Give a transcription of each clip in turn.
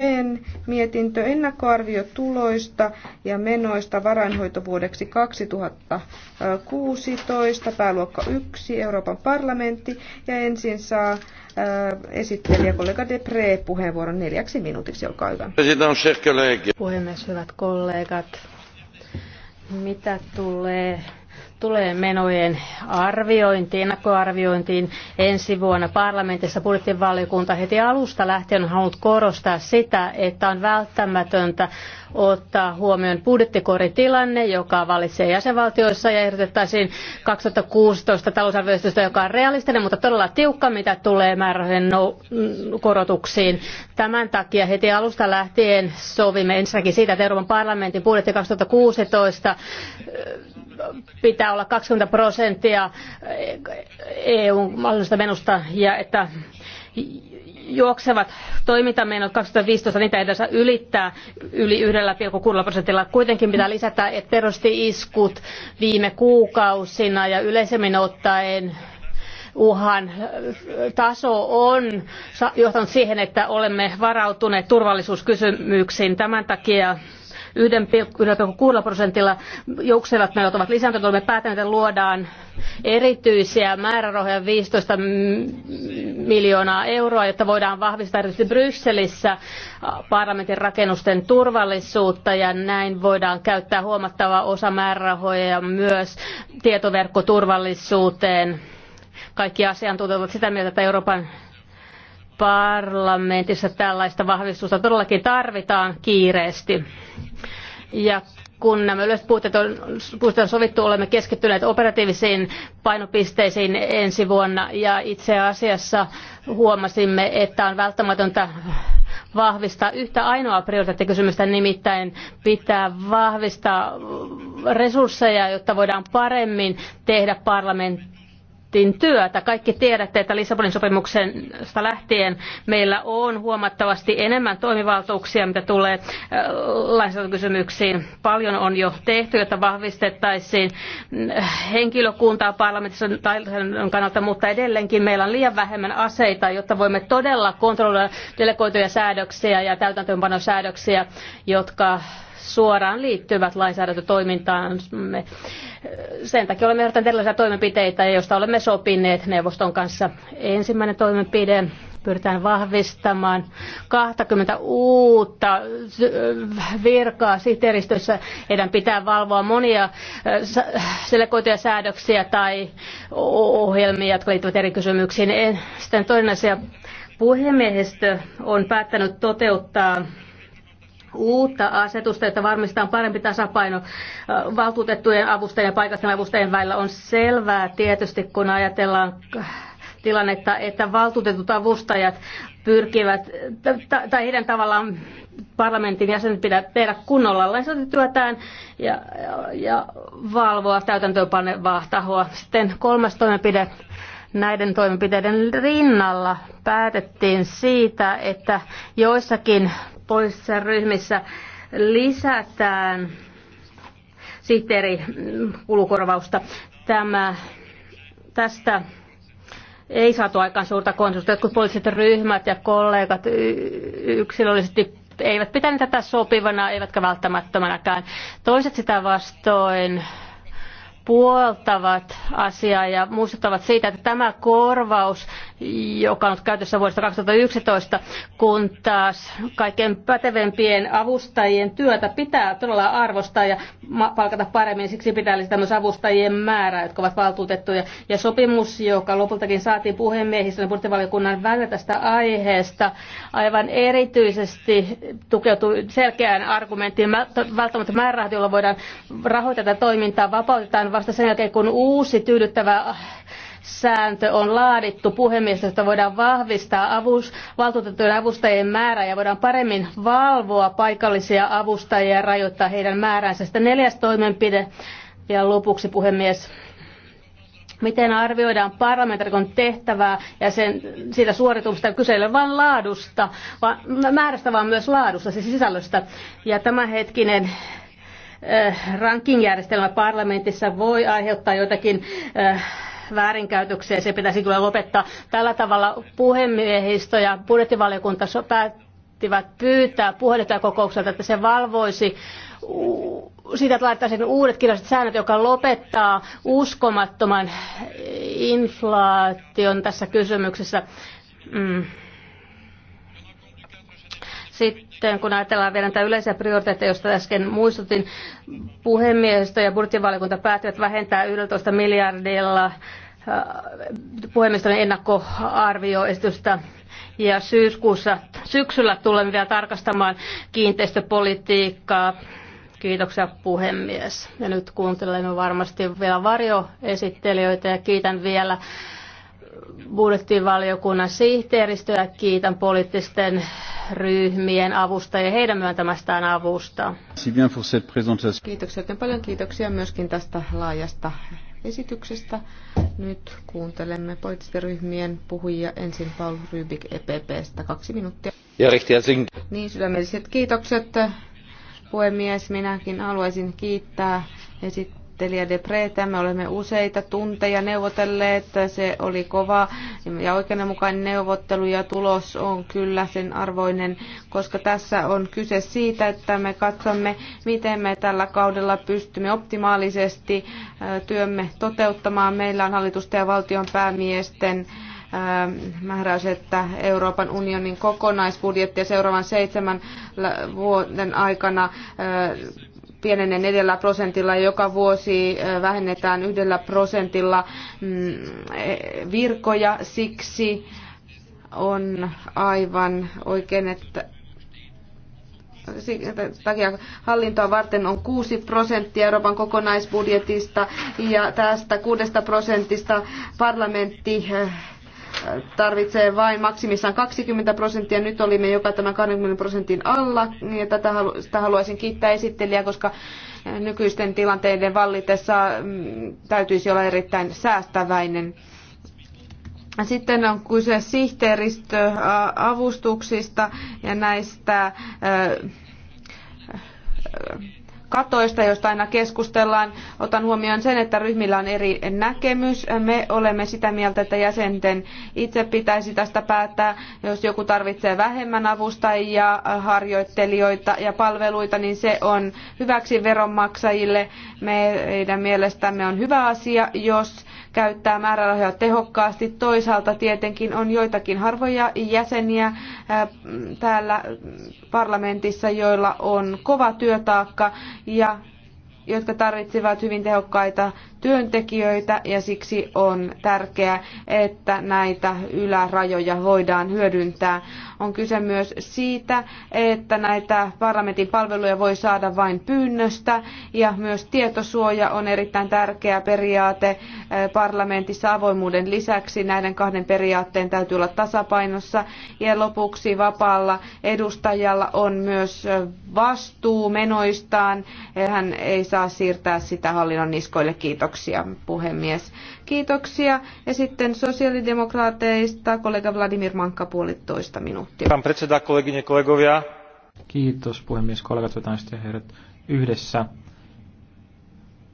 En mietintö ennakkoarvio tuloista ja menoista varainhoitovuodeksi 2016, pääluokka 1, Euroopan parlamentti. Ja ensin saa äh, esittelijä kollega Depre puheenvuoron neljäksi minuutiksi, olkaa hyvä. Puhemies, hyvät kollegat, mitä tulee tulee menojen arviointiin, ennakkoarviointiin ensi vuonna parlamentissa budjettivaliokunta heti alusta lähtien on halunnut korostaa sitä, että on välttämätöntä ottaa huomioon budjettikoritilanne, joka valitsee jäsenvaltioissa ja ehdotettaisiin 2016 talousarvioistusta, joka on realistinen, mutta todella tiukka, mitä tulee määrärahojen korotuksiin. Tämän takia heti alusta lähtien sovimme ensinnäkin siitä, että Euroopan parlamentin budjetti 2016 pitää olla 20 prosenttia EUn mahdollisesta menosta ja että juoksevat toimintamenot 2015, niitä ei edes ylittää yli 1,6 prosentilla. Kuitenkin pitää lisätä, että terroristi-iskut viime kuukausina ja yleisemmin ottaen uhan taso on johtanut siihen, että olemme varautuneet turvallisuuskysymyksiin. Tämän takia 1,6 prosentilla. Juoksevat menot ovat lisääntyneet, olemme päättäneet, että luodaan erityisiä määrärahoja 15 miljoonaa euroa, jotta voidaan vahvistaa erityisesti Brysselissä parlamentin rakennusten turvallisuutta ja näin voidaan käyttää huomattava osa määrärahoja myös tietoverkkoturvallisuuteen. Kaikki asiantuntijat ovat sitä mieltä, että Euroopan parlamentissa tällaista vahvistusta todellakin tarvitaan kiireesti. Ja kun nämä yleiset on, on sovittu, olemme keskittyneet operatiivisiin painopisteisiin ensi vuonna ja itse asiassa huomasimme, että on välttämätöntä vahvistaa yhtä ainoa prioriteettikysymystä, nimittäin pitää vahvistaa resursseja, jotta voidaan paremmin tehdä parlamentti parlamentin työtä. Kaikki tiedätte, että Lissabonin sopimuksesta lähtien meillä on huomattavasti enemmän toimivaltuuksia, mitä tulee äh, lainsäädäntökysymyksiin. Paljon on jo tehty, jotta vahvistettaisiin äh, henkilökuntaa parlamentissa taidon kannalta, mutta edelleenkin meillä on liian vähemmän aseita, jotta voimme todella kontrolloida delegoituja säädöksiä ja täytäntöönpanosäädöksiä, jotka suoraan liittyvät lainsäädäntötoimintaamme. Sen takia olemme ehdottaneet erilaisia toimenpiteitä, joista olemme sopineet neuvoston kanssa. Ensimmäinen toimenpide pyritään vahvistamaan 20 uutta virkaa sihteeristössä. Heidän pitää valvoa monia äh, selkoituja säädöksiä tai ohjelmia, jotka liittyvät eri kysymyksiin. Sitten toinen asia. Puhemiehistö on päättänyt toteuttaa uutta asetusta, että varmistetaan parempi tasapaino valtuutettujen avustajien ja paikallisten avustajien välillä. On selvää tietysti, kun ajatellaan tilannetta, että valtuutetut avustajat pyrkivät, tai heidän tavallaan parlamentin jäsenet pitää tehdä kunnolla lainsäädäntötyötään ja, ja, ja valvoa täytäntöönpanevaa tahoa. Sitten kolmas toimenpide näiden toimenpiteiden rinnalla päätettiin siitä, että joissakin poissa ryhmissä lisätään kulukorvausta. Tämä, tästä ei saatu aikaan suurta konsulta. kun poliittiset ryhmät ja kollegat yksilöllisesti eivät pitäneet tätä sopivana, eivätkä välttämättömänäkään. Toiset sitä vastoin puoltavat asiaa ja muistuttavat siitä, että tämä korvaus, joka on ollut käytössä vuodesta 2011, kun taas kaiken pätevempien avustajien työtä pitää todella arvostaa ja palkata paremmin. Siksi pitää lisätä myös avustajien määrää, jotka ovat valtuutettuja. Ja sopimus, joka lopultakin saatiin puhemiehistön ja budjettivaliokunnan välillä tästä aiheesta, aivan erityisesti tukeutui selkeään argumenttiin. Välttämättä määrärahat, joilla voidaan rahoittaa tätä toimintaa, vapautetaan vasta sen jälkeen, kun uusi tyydyttävä sääntö on laadittu puhemiestä, voidaan vahvistaa avus, valtuutettujen avustajien määrää ja voidaan paremmin valvoa paikallisia avustajia ja rajoittaa heidän määränsä. Sitten neljäs toimenpide ja lopuksi puhemies. Miten arvioidaan parlamentarikon tehtävää ja sen, siitä suoritumista kyselyä vain laadusta, vaan määrästä vaan myös laadusta, siis sisällöstä. Ja tämänhetkinen Eh, rankingjärjestelmä parlamentissa voi aiheuttaa jotakin eh, väärinkäytöksiä ja se pitäisi kyllä lopettaa. Tällä tavalla puhemiehistö ja budjettivaliokunta päättivät pyytää puheenjohtajakokoukselta, että se valvoisi siitä, että laittaisiin uudet kirjalliset säännöt, joka lopettaa uskomattoman inflaation tässä kysymyksessä. Mm sitten kun ajatellaan vielä näitä yleisiä prioriteetteja, joista äsken muistutin, puhemiehistö ja budjettivaliokunta päättivät vähentää 11 miljardilla äh, puhemiestön ennakkoarvioesitystä ja syyskuussa syksyllä tulemme vielä tarkastamaan kiinteistöpolitiikkaa. Kiitoksia puhemies. Ja nyt kuuntelemme varmasti vielä varjoesittelijöitä ja kiitän vielä budjettivaliokunnan sihteeristöä kiitän poliittisten ryhmien avustajia heidän myöntämästään avusta. Kiitoksia, paljon kiitoksia myöskin tästä laajasta esityksestä. Nyt kuuntelemme poliittisten ryhmien puhujia ensin Paul Rybik EPPstä kaksi minuuttia. Ja Niin, sydämelliset kiitokset puhemies. Minäkin haluaisin kiittää esittää de Preta. Me olemme useita tunteja neuvotelleet. Se oli kova ja oikeudenmukainen neuvottelu ja tulos on kyllä sen arvoinen, koska tässä on kyse siitä, että me katsomme, miten me tällä kaudella pystymme optimaalisesti työmme toteuttamaan. Meillä on hallitusten ja valtion päämiesten määräys, että Euroopan unionin kokonaisbudjetti seuraavan seitsemän vuoden aikana pienenee neljällä prosentilla, ja joka vuosi vähennetään yhdellä prosentilla mm, e, virkoja. Siksi on aivan oikein, että takia hallintoa varten on 6 prosenttia Euroopan kokonaisbudjetista ja tästä 6 prosentista parlamentti tarvitsee vain maksimissaan 20 prosenttia. Nyt olimme joka tämän 20 prosentin alla. Niin, ja tätä sitä haluaisin kiittää esittelijää, koska eh, nykyisten tilanteiden vallitessa mm, täytyisi olla erittäin säästäväinen. Sitten on kyse sihteeristöavustuksista ja näistä eh, eh, katoista, joista aina keskustellaan. Otan huomioon sen, että ryhmillä on eri näkemys. Me olemme sitä mieltä, että jäsenten itse pitäisi tästä päättää. Jos joku tarvitsee vähemmän avustajia, harjoittelijoita ja palveluita, niin se on hyväksi veronmaksajille. Meidän mielestämme on hyvä asia, jos käyttää määrärahoja tehokkaasti. Toisaalta tietenkin on joitakin harvoja jäseniä äh, täällä parlamentissa, joilla on kova työtaakka ja jotka tarvitsevat hyvin tehokkaita työntekijöitä ja siksi on tärkeää, että näitä ylärajoja voidaan hyödyntää. On kyse myös siitä, että näitä parlamentin palveluja voi saada vain pyynnöstä ja myös tietosuoja on erittäin tärkeä periaate eh, parlamentissa avoimuuden lisäksi. Näiden kahden periaatteen täytyy olla tasapainossa ja lopuksi vapaalla edustajalla on myös eh, vastuu menoistaan. Hän ei saa siirtää sitä hallinnon niskoille. Kiitoksia puhemies. Kiitoksia. Ja sitten sosiaalidemokraateista kollega Vladimir Mankka puolitoista minuuttia. Pan predseda, kollegine, kollegovia. Kiitos puhemies, kollegat, vetäiset sitten heidät Yhdessä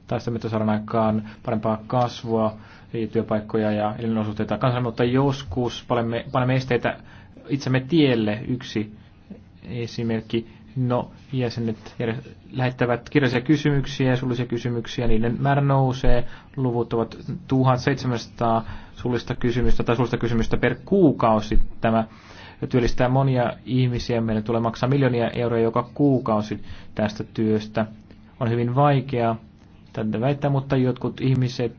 tästä saadaan aikaan parempaa kasvua, työpaikkoja ja elinolosuhteita kansalle, mutta joskus panemme, panemme esteitä itsemme tielle. Yksi esimerkki No, jäsenet lähettävät kirjallisia kysymyksiä ja suullisia kysymyksiä, niiden määrä nousee. Luvut ovat 1700 suullista kysymystä tai suullista kysymystä per kuukausi. Tämä työllistää monia ihmisiä. Meidän tulee maksaa miljoonia euroja joka kuukausi tästä työstä. On hyvin vaikea tätä väittää, mutta jotkut ihmiset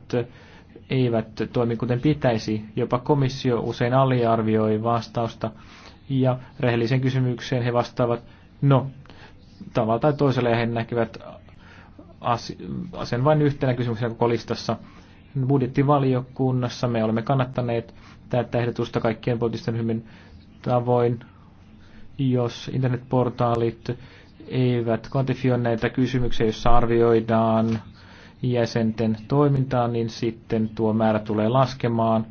eivät toimi kuten pitäisi. Jopa komissio usein aliarvioi vastausta ja rehelliseen kysymykseen he vastaavat No, tavalla tai toisella he näkivät asian vain yhtenä kysymyksenä koko listassa. Budjettivaliokunnassa me olemme kannattaneet tätä ehdotusta kaikkien poliittisten hyvin tavoin, jos internetportaalit eivät kvantifioi näitä kysymyksiä, joissa arvioidaan jäsenten toimintaa, niin sitten tuo määrä tulee laskemaan.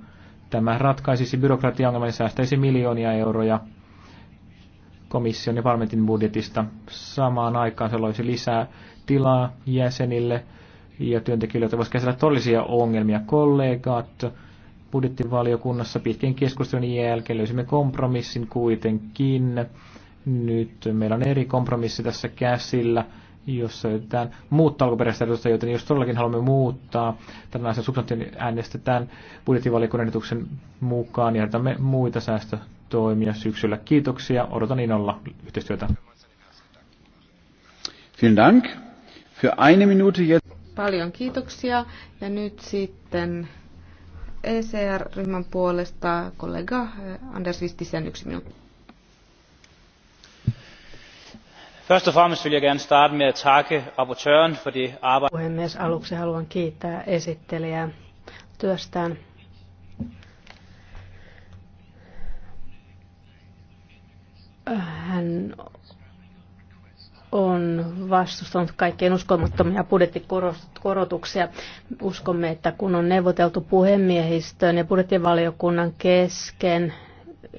Tämä ratkaisisi byrokratiaongelman ja säästäisi miljoonia euroja komission ja parlamentin budjetista. Samaan aikaan se loisi lisää tilaa jäsenille ja työntekijöille, joita voisi käsitellä todellisia ongelmia. Kollegat budjettivaliokunnassa pitkien keskustelun jälkeen löysimme kompromissin kuitenkin. Nyt meillä on eri kompromissi tässä käsillä jos yritetään muuttaa alkuperäistä ehdotusta, joten jos todellakin haluamme muuttaa tällaisen substantin äänestetään budjettivaliokunnan edutuksen mukaan ja niin jätämme muita säästö- toimia syksyllä. Kiitoksia, odotan innolla yhteistyötä. Vielen Dank. Für eine Minute jetzt. Paljon kiitoksia ja nyt sitten ECR-ryhmän puolesta kollega eh, Anders Vistisen yksi minuutti. Først og fremmest vil jeg gerne starte med at the rapportøren for det arbejde. Puhemies, aluksi haluan kiittää esittelijää työstään Hän on vastustanut kaikkein uskomattomia budjettikorotuksia. Uskomme, että kun on neuvoteltu puhemiehistön ja budjettivaliokunnan kesken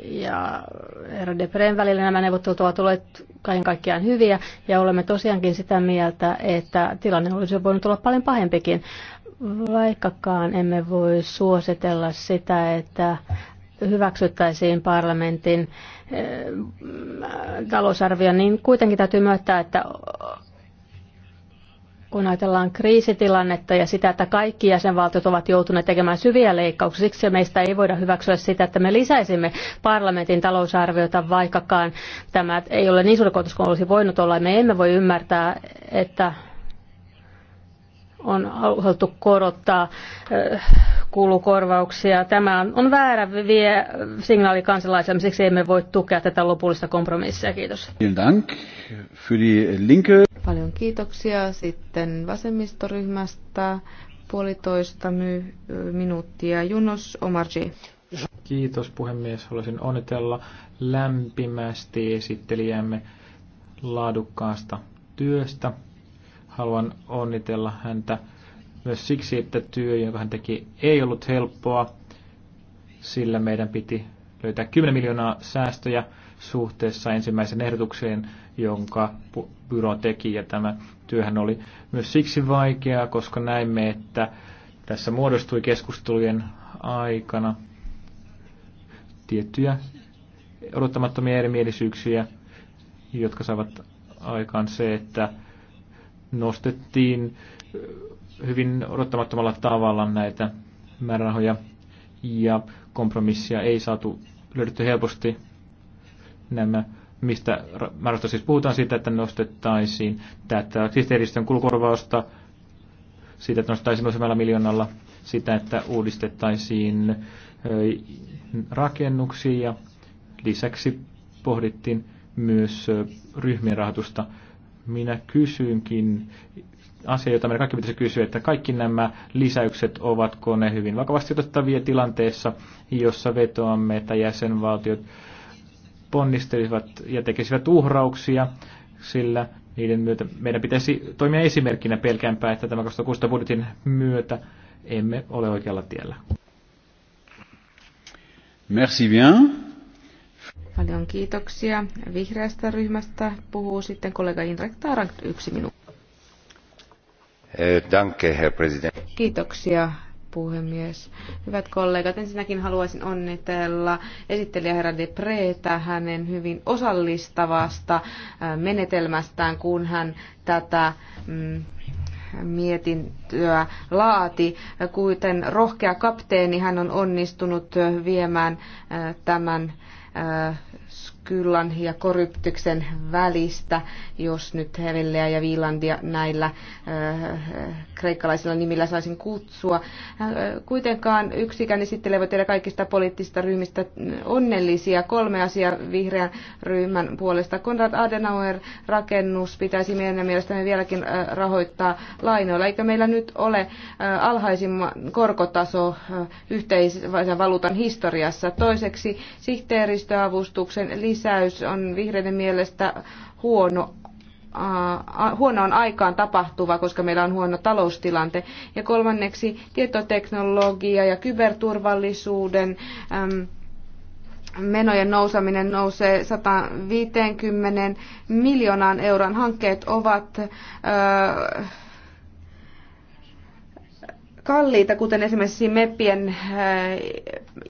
ja herra Depreen välillä nämä neuvottelut ovat olleet kaiken kaikkiaan hyviä ja olemme tosiaankin sitä mieltä, että tilanne olisi voinut olla paljon pahempikin. Vaikkakaan emme voi suositella sitä, että hyväksyttäisiin parlamentin eh, talousarvio, niin kuitenkin täytyy myöntää, että kun ajatellaan kriisitilannetta ja sitä, että kaikki jäsenvaltiot ovat joutuneet tekemään syviä leikkauksia, siksi meistä ei voida hyväksyä sitä, että me lisäisimme parlamentin talousarviota, vaikkakaan tämä ei ole niin suuri kuin olisi voinut olla. Me emme voi ymmärtää, että on haluttu korottaa eh, kulukorvauksia. Tämä on väärä vie signaali kansalaisille, siksi emme voi tukea tätä lopullista kompromissia. Kiitos. Paljon kiitoksia sitten vasemmistoryhmästä. Puolitoista my- minuuttia. Junos Omarji. Kiitos puhemies. Haluaisin onnitella lämpimästi esittelijämme laadukkaasta työstä Haluan onnitella häntä myös siksi, että työ, jonka hän teki, ei ollut helppoa, sillä meidän piti löytää 10 miljoonaa säästöjä suhteessa ensimmäiseen ehdotukseen, jonka byro teki. Ja tämä työhän oli myös siksi vaikeaa, koska näimme, että tässä muodostui keskustelujen aikana tiettyjä odottamattomia erimielisyyksiä, jotka saavat aikaan se, että nostettiin hyvin odottamattomalla tavalla näitä määrärahoja ja kompromissia ei saatu löydetty helposti nämä mistä määrästä siis puhutaan siitä, että nostettaisiin tätä sihteeristön kulukorvausta, siitä, että nostettaisiin useammalla miljoonalla sitä, että uudistettaisiin rakennuksia ja lisäksi pohdittiin myös ryhmien rahoitusta minä kysyinkin asia, jota meidän kaikki pitäisi kysyä, että kaikki nämä lisäykset, ovatko ne hyvin vakavasti otettavia tilanteessa, jossa vetoamme, että jäsenvaltiot ponnistelisivat ja tekisivät uhrauksia, sillä niiden myötä meidän pitäisi toimia esimerkkinä pelkäämpää, että tämä 2016 budjetin myötä emme ole oikealla tiellä. Merci bien. Paljon kiitoksia. Vihreästä ryhmästä puhuu sitten kollega Indrek Tarank, yksi minuutti. Eh, danke, Herr President. Kiitoksia, puhemies. Hyvät kollegat, ensinnäkin haluaisin onnitella esittelijä herra De Preetä hänen hyvin osallistavasta eh, menetelmästään, kun hän tätä mm, mietintöä laati. Kuten rohkea kapteeni, hän on onnistunut viemään eh, tämän äh, Skyllan ja Koryptyksen välistä, jos nyt Hevelleä ja Viilandia näillä äh, kreikkalaisilla nimillä saisin kutsua. Äh, kuitenkaan yksikään esittelevä teidän kaikista poliittisista ryhmistä onnellisia. Kolme asiaa vihreän ryhmän puolesta. Konrad Adenauer-rakennus pitäisi meidän mielestämme vieläkin äh, rahoittaa lainoilla. Eikö meillä nyt ole äh, alhaisimman korkotaso äh, historiassa? Toiseksi sihteeristöavustuksen prosentin lisäys on vihreiden mielestä huono huonoon aikaan tapahtuva, koska meillä on huono taloustilante. Ja kolmanneksi tietoteknologia ja kyberturvallisuuden menojen nousaminen nousee 150 miljoonaan euron. Hankkeet ovat kalliita, kuten esimerkiksi MEPien äh,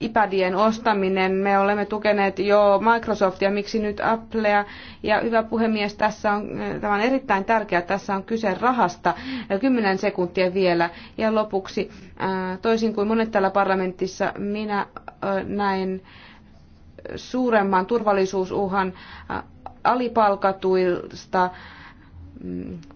iPadien ostaminen. Me olemme tukeneet jo Microsoftia, miksi nyt Applea. Ja hyvä puhemies, tässä on, äh, tämä on erittäin tärkeää, tässä on kyse rahasta. Äh, kymmenen sekuntia vielä. Ja lopuksi, toisin kuin monet täällä parlamentissa, minä näen suuremman turvallisuusuhan alipalkatuista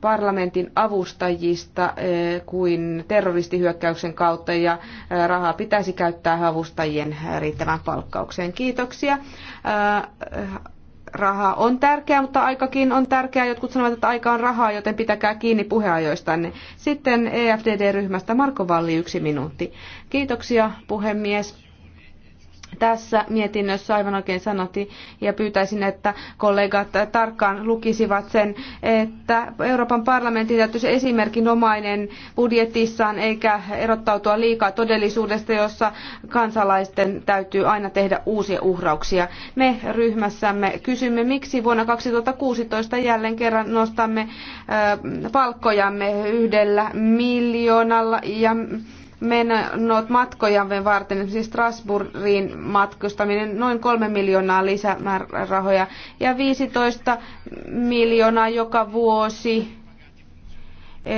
parlamentin avustajista eh, kuin terroristihyökkäyksen kautta ja eh, rahaa pitäisi käyttää avustajien eh, riittävään palkkaukseen. Kiitoksia. Raha on tärkeää, mutta aikakin on tärkeää. Jotkut sanovat, että aika on rahaa, joten pitäkää kiinni puheajoistanne. Sitten EFDD-ryhmästä Marko Valli, yksi minuutti. Kiitoksia, puhemies tässä mietinnössä aivan oikein sanottiin, ja pyytäisin, että kollegat tarkkaan lukisivat sen, että Euroopan parlamentin täytyisi esimerkinomainen budjetissaan eikä erottautua liikaa todellisuudesta, jossa kansalaisten täytyy aina tehdä uusia uhrauksia. Me ryhmässämme kysymme, miksi vuonna 2016 jälleen kerran nostamme palkkojamme yhdellä miljoonalla ja noit matkoja varten, siis Strasbourgiin matkustaminen, noin kolme miljoonaa lisämäärärahoja ja 15 miljoonaa joka vuosi e,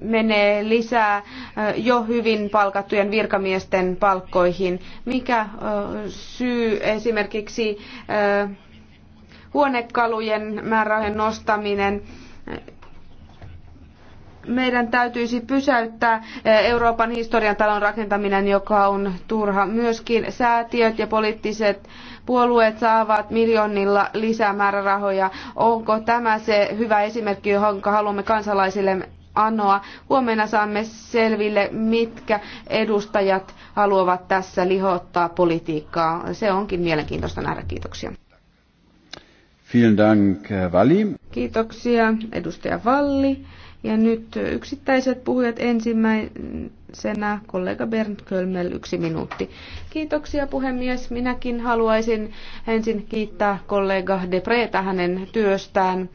menee lisää e, jo hyvin palkattujen virkamiesten palkkoihin. Mikä e, syy esimerkiksi huonekalujen määrärahojen nostaminen meidän täytyisi pysäyttää eh, Euroopan historian talon rakentaminen, joka on turha. Myöskin säätiöt ja poliittiset puolueet saavat miljoonilla lisää määrärahoja. Onko tämä se hyvä esimerkki, jonka haluamme kansalaisille anoa? Huomenna saamme selville, mitkä edustajat haluavat tässä lihottaa politiikkaa. Se onkin mielenkiintoista nähdä. Kiitoksia. Vielen Dank, Valli. Kiitoksia, edustaja Valli. Ja nyt yksittäiset puhujat ensimmäisenä, kollega Bernd Kölmel, yksi minuutti. Kiitoksia puhemies. Minäkin haluaisin ensin kiittää kollega Depreta hänen työstään.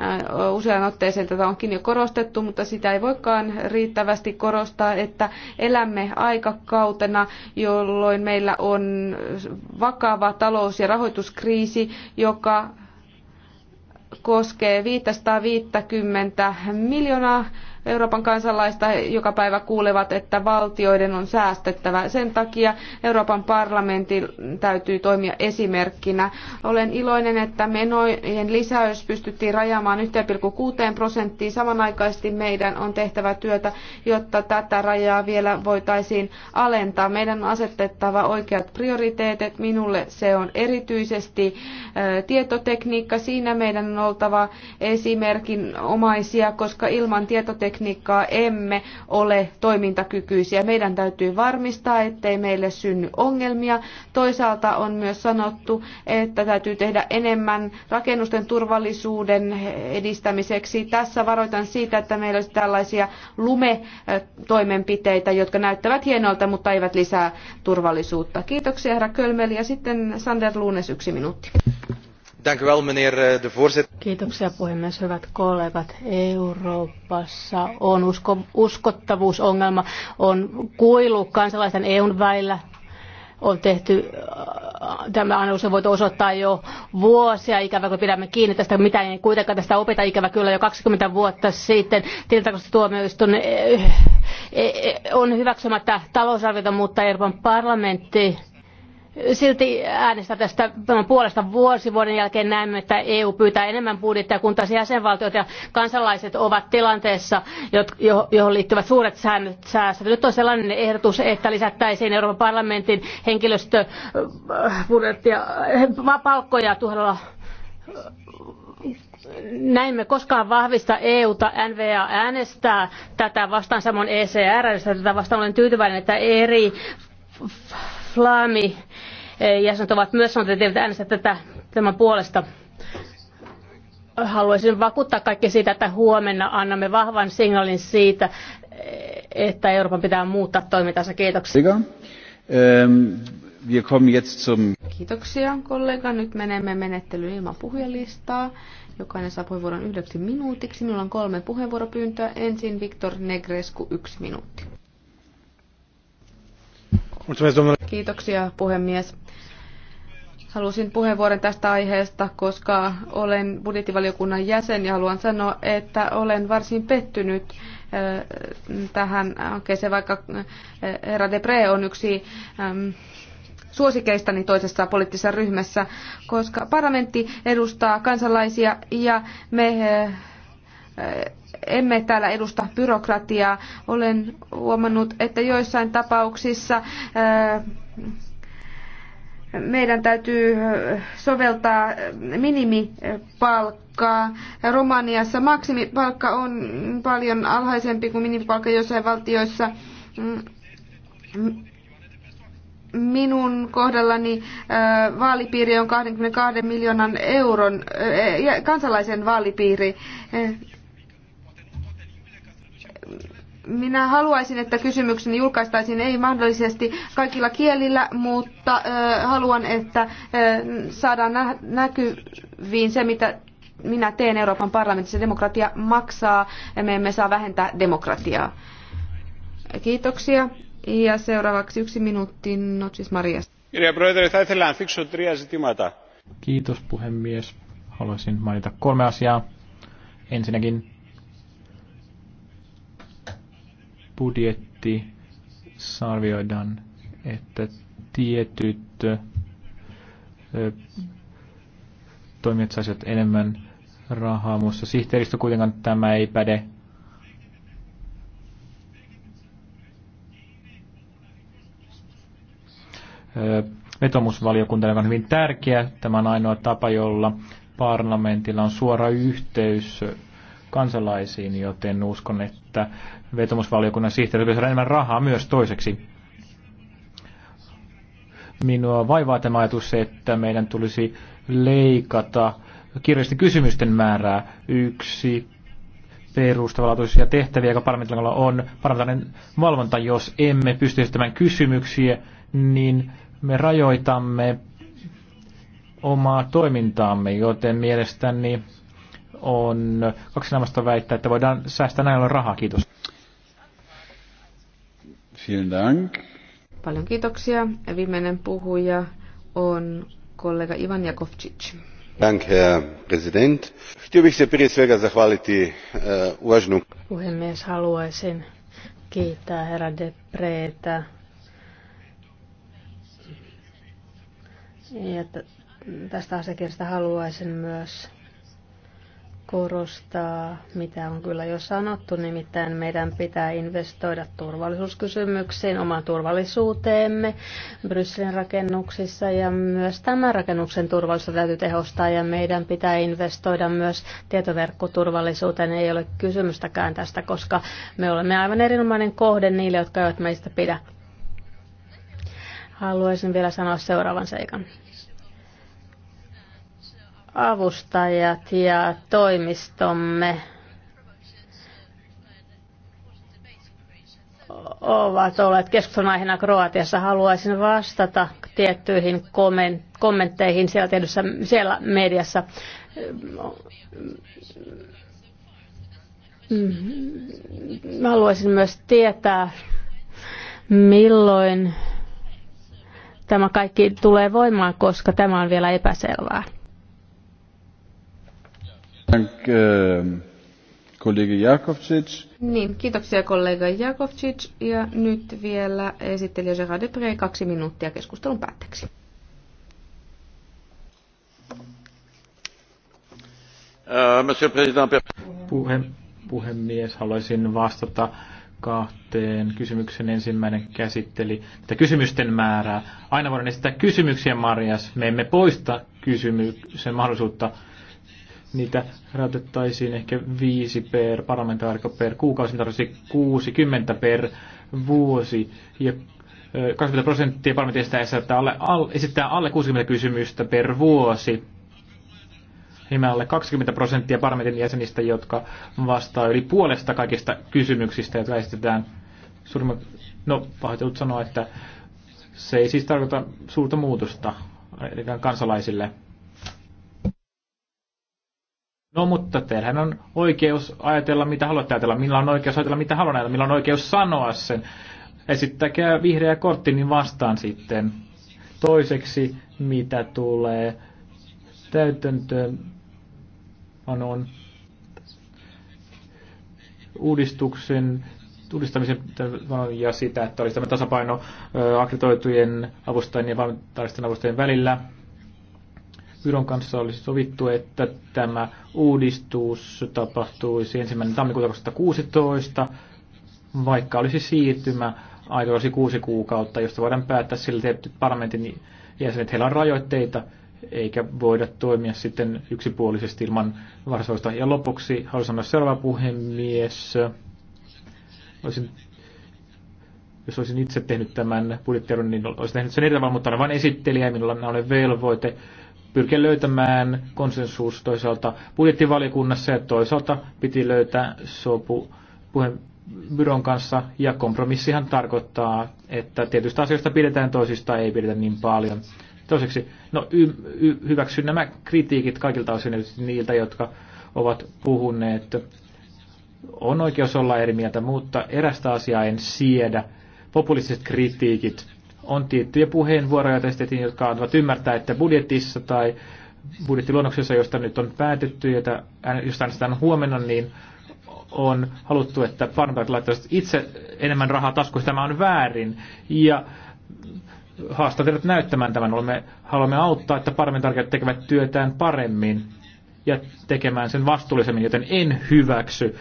Äh, Usean otteeseen tätä onkin jo korostettu, mutta sitä ei voikaan riittävästi korostaa, että elämme aikakautena, jolloin meillä on vakava talous- ja rahoituskriisi, joka koskee 550 miljoonaa Euroopan kansalaista joka päivä kuulevat, että valtioiden on säästettävä. Sen takia Euroopan parlamentin täytyy toimia esimerkkinä. Olen iloinen, että menojen lisäys pystyttiin rajaamaan 1,6 prosenttiin. Samanaikaisesti meidän on tehtävä työtä, jotta tätä rajaa vielä voitaisiin alentaa. Meidän on asetettava oikeat prioriteetit. Minulle se on erityisesti tietotekniikka. Siinä meidän on oltava esimerkin omaisia, koska ilman tietotekniikkaa tekniikkaa, emme ole toimintakykyisiä. Meidän täytyy varmistaa, ettei meille synny ongelmia. Toisaalta on myös sanottu, että täytyy tehdä enemmän rakennusten turvallisuuden edistämiseksi. Tässä varoitan siitä, että meillä olisi tällaisia lumetoimenpiteitä, jotka näyttävät hienoilta, mutta eivät lisää turvallisuutta. Kiitoksia herra Kölmeli ja sitten Sander Luunes yksi minuutti. Eh, Kiitoksia puhemies, hyvät kollegat. Euroopassa on usko, uskottavuusongelma, on kuilu kansalaisten EUn välillä, on tehty, äh, tämä analyysi voitu osoittaa jo vuosia, ikävä kun pidämme kiinni tästä, mitä ei kuitenkaan tästä opeta, ikävä kyllä jo 20 vuotta sitten tilintarkastustuomioistuin eh, eh, on hyväksymättä talousarviota, mutta Euroopan parlamentti silti äänestä tästä puolesta vuosi vuoden jälkeen näemme, että EU pyytää enemmän budjettia, kun taas jäsenvaltiot ja kansalaiset ovat tilanteessa, johon liittyvät suuret säästöt. Nyt on sellainen ehdotus, että lisättäisiin Euroopan parlamentin henkilöstöbudjettia, äh, äh, palkkoja näin näimme koskaan vahvista EUta. NVA äänestää tätä vastaan, samoin ECR äänestää tätä vastaan. Olen tyytyväinen, että eri Flami e, jäsenet ovat myös sanoneet, että eivät äänestä tätä, tämän puolesta. Haluaisin vakuuttaa kaikki siitä, että huomenna annamme vahvan signaalin siitä, e, että Euroopan pitää muuttaa toimintansa. Kiitoksia. Ähm, Kiitoksia kollega. Nyt menemme menettelyyn ilman puhujalistaa. Jokainen saa puheenvuoron yhdeksi minuutiksi. Minulla on kolme puheenvuoropyyntöä. Ensin Viktor Negresku, yksi minuutti. Kiitoksia puhemies. Halusin puheenvuoron tästä aiheesta, koska olen budjettivaliokunnan jäsen ja haluan sanoa, että olen varsin pettynyt eh, tähän hankkeeseen, vaikka eh, herra Debre on yksi ehm, suosikeistani toisessa poliittisessa ryhmässä, koska parlamentti edustaa kansalaisia ja me eh, emme täällä edusta byrokratiaa. Olen huomannut, että joissain tapauksissa meidän täytyy soveltaa minimipalkkaa. Romaniassa maksimipalkka on paljon alhaisempi kuin minimipalkka joissain valtioissa. Minun kohdallani vaalipiiri on 22 miljoonan euron kansalaisen vaalipiiri. Minä haluaisin, että kysymykseni julkaistaisiin ei mahdollisesti kaikilla kielillä, mutta äh, haluan, että äh, saadaan nä- näkyviin se, mitä minä teen Euroopan parlamentissa. Demokratia maksaa ja me emme saa vähentää demokratiaa. Kiitoksia. Ja seuraavaksi yksi minuutti Notsis Marias. Kiitos puhemies. Haluaisin mainita kolme asiaa. Ensinnäkin budjetti arvioidaan, että tietyt toimijat saisivat enemmän rahaa, mutta sihteeristö kuitenkaan tämä ei päde. Vetomusvaliokunta, joka on hyvin tärkeä, tämä on ainoa tapa, jolla parlamentilla on suora yhteys kansalaisiin, joten uskon, että vetomusvaliokunnan sihteeri pitäisi saada enemmän rahaa myös toiseksi. Minua vaivaa tämä ajatus, että meidän tulisi leikata kirjallisten kysymysten määrää yksi perustavalaatuisia tehtäviä, joka parlamentilla on parlamentaarinen valvonta, jos emme pysty esittämään kysymyksiä, niin me rajoitamme omaa toimintaamme, joten mielestäni on kaksinaamasta väittää, että voidaan säästää näin ollen rahaa. Kiitos. Vielen Dank. Paljon kiitoksia. Ja viimeinen puhuja on kollega Ivan Jakovčić. Dank, herr president. Htio bih se prije svega zahvaliti äh, uh, Puhemies, haluaisin kiittää herra Depreetä ja tästä asiakirjasta haluaisin myös korostaa, mitä on kyllä jo sanottu, nimittäin meidän pitää investoida turvallisuuskysymyksiin, omaan turvallisuuteemme Brysselin rakennuksissa ja myös tämän rakennuksen turvallisuutta täytyy tehostaa ja meidän pitää investoida myös tietoverkkoturvallisuuteen. Ei ole kysymystäkään tästä, koska me olemme aivan erinomainen kohde niille, jotka eivät meistä pidä. Haluaisin vielä sanoa seuraavan seikan avustajat ja toimistomme ovat olleet keskustelun aiheena Kroatiassa. Haluaisin vastata tiettyihin kommentteihin siellä, tiedossa, siellä mediassa. Mm, haluaisin myös tietää, milloin tämä kaikki tulee voimaan, koska tämä on vielä epäselvää. Eh, kollega Niin, kiitoksia kollega Jakovcic. Ja nyt vielä esittelijä Gerard Depre, kaksi minuuttia keskustelun päätteeksi. Eh, Puhe, puhemies, haluaisin vastata kahteen kysymyksen ensimmäinen käsitteli tätä kysymysten määrää. Aina voidaan esittää kysymyksiä, Marjas. Me emme poista kysymyksen mahdollisuutta niitä rajoitettaisiin ehkä 5 per parlamentaarikko per kuukausi, mitä olisi 60 per vuosi. Ja 20 prosenttia parlamenteista esittää alle, esittää alle 60 kysymystä per vuosi. Niin alle 20 prosenttia parlamentin jäsenistä, jotka vastaa yli puolesta kaikista kysymyksistä, jotka esitetään. Surma, no, pahoittelut sanoa, että se ei siis tarkoita suurta muutosta kansalaisille No mutta teillähän on oikeus ajatella mitä haluatte ajatella, millä on oikeus ajatella mitä haluan ajatella, millä on oikeus sanoa sen. Esittäkää vihreä kortti, niin vastaan sitten. Toiseksi, mitä tulee täytäntöön on, on uudistuksen uudistamisen ja sitä, että olisi tämä tasapaino akkreditoitujen avustajien ja valmistajan avustajien välillä. Viron kanssa olisi sovittu, että tämä uudistus tapahtuisi ensimmäinen tammikuuta 2016, vaikka olisi siirtymä aika olisi kuusi kuukautta, josta voidaan päättää sillä tietty parlamentin jäsenet, heillä on rajoitteita, eikä voida toimia sitten yksipuolisesti ilman varsoista. Ja lopuksi haluaisin sanoa seuraava puhemies. Olisin, jos olisin itse tehnyt tämän budjettiedon, niin olisin tehnyt sen eri tavalla, mutta olen vain esittelijä ja minulla on velvoite pyrkiä löytämään konsensus toisaalta budjettivaliokunnassa ja toisaalta piti löytää sopu puheen byron kanssa ja kompromissihan tarkoittaa, että tietystä asioista pidetään toisista ei pidetä niin paljon. Toiseksi, no y- y- hyväksyn nämä kritiikit kaikilta osin niiltä, jotka ovat puhuneet. On oikeus olla eri mieltä, mutta erästä asiaa en siedä. Populistiset kritiikit on tiettyjä puheenvuoroja tästä, jotka antavat ymmärtää, että budjetissa tai budjettiluonnoksessa, josta nyt on päätetty, jota, josta äänestetään huomenna, niin on haluttu, että farmerit laittaisivat itse enemmän rahaa taskuihin. Tämä on väärin. Ja haastan teidät näyttämään tämän. Olemme, haluamme auttaa, että parlamentarkit tekevät työtään paremmin ja tekemään sen vastuullisemmin, joten en hyväksy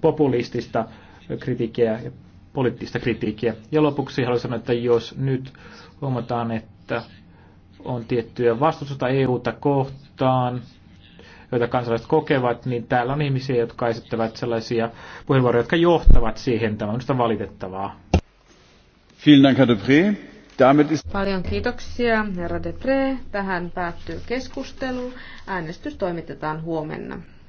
populistista kritiikkiä ja poliittista kritiikkiä. Ja lopuksi haluan sanoa, että jos nyt huomataan, että on tiettyä vastustusta EUta kohtaan, joita kansalaiset kokevat, niin täällä on ihmisiä, jotka esittävät sellaisia puheenvuoroja, jotka johtavat siihen. Tämä on minusta valitettavaa. Paljon kiitoksia, herra Depre. Tähän päättyy keskustelu. Äänestys toimitetaan huomenna.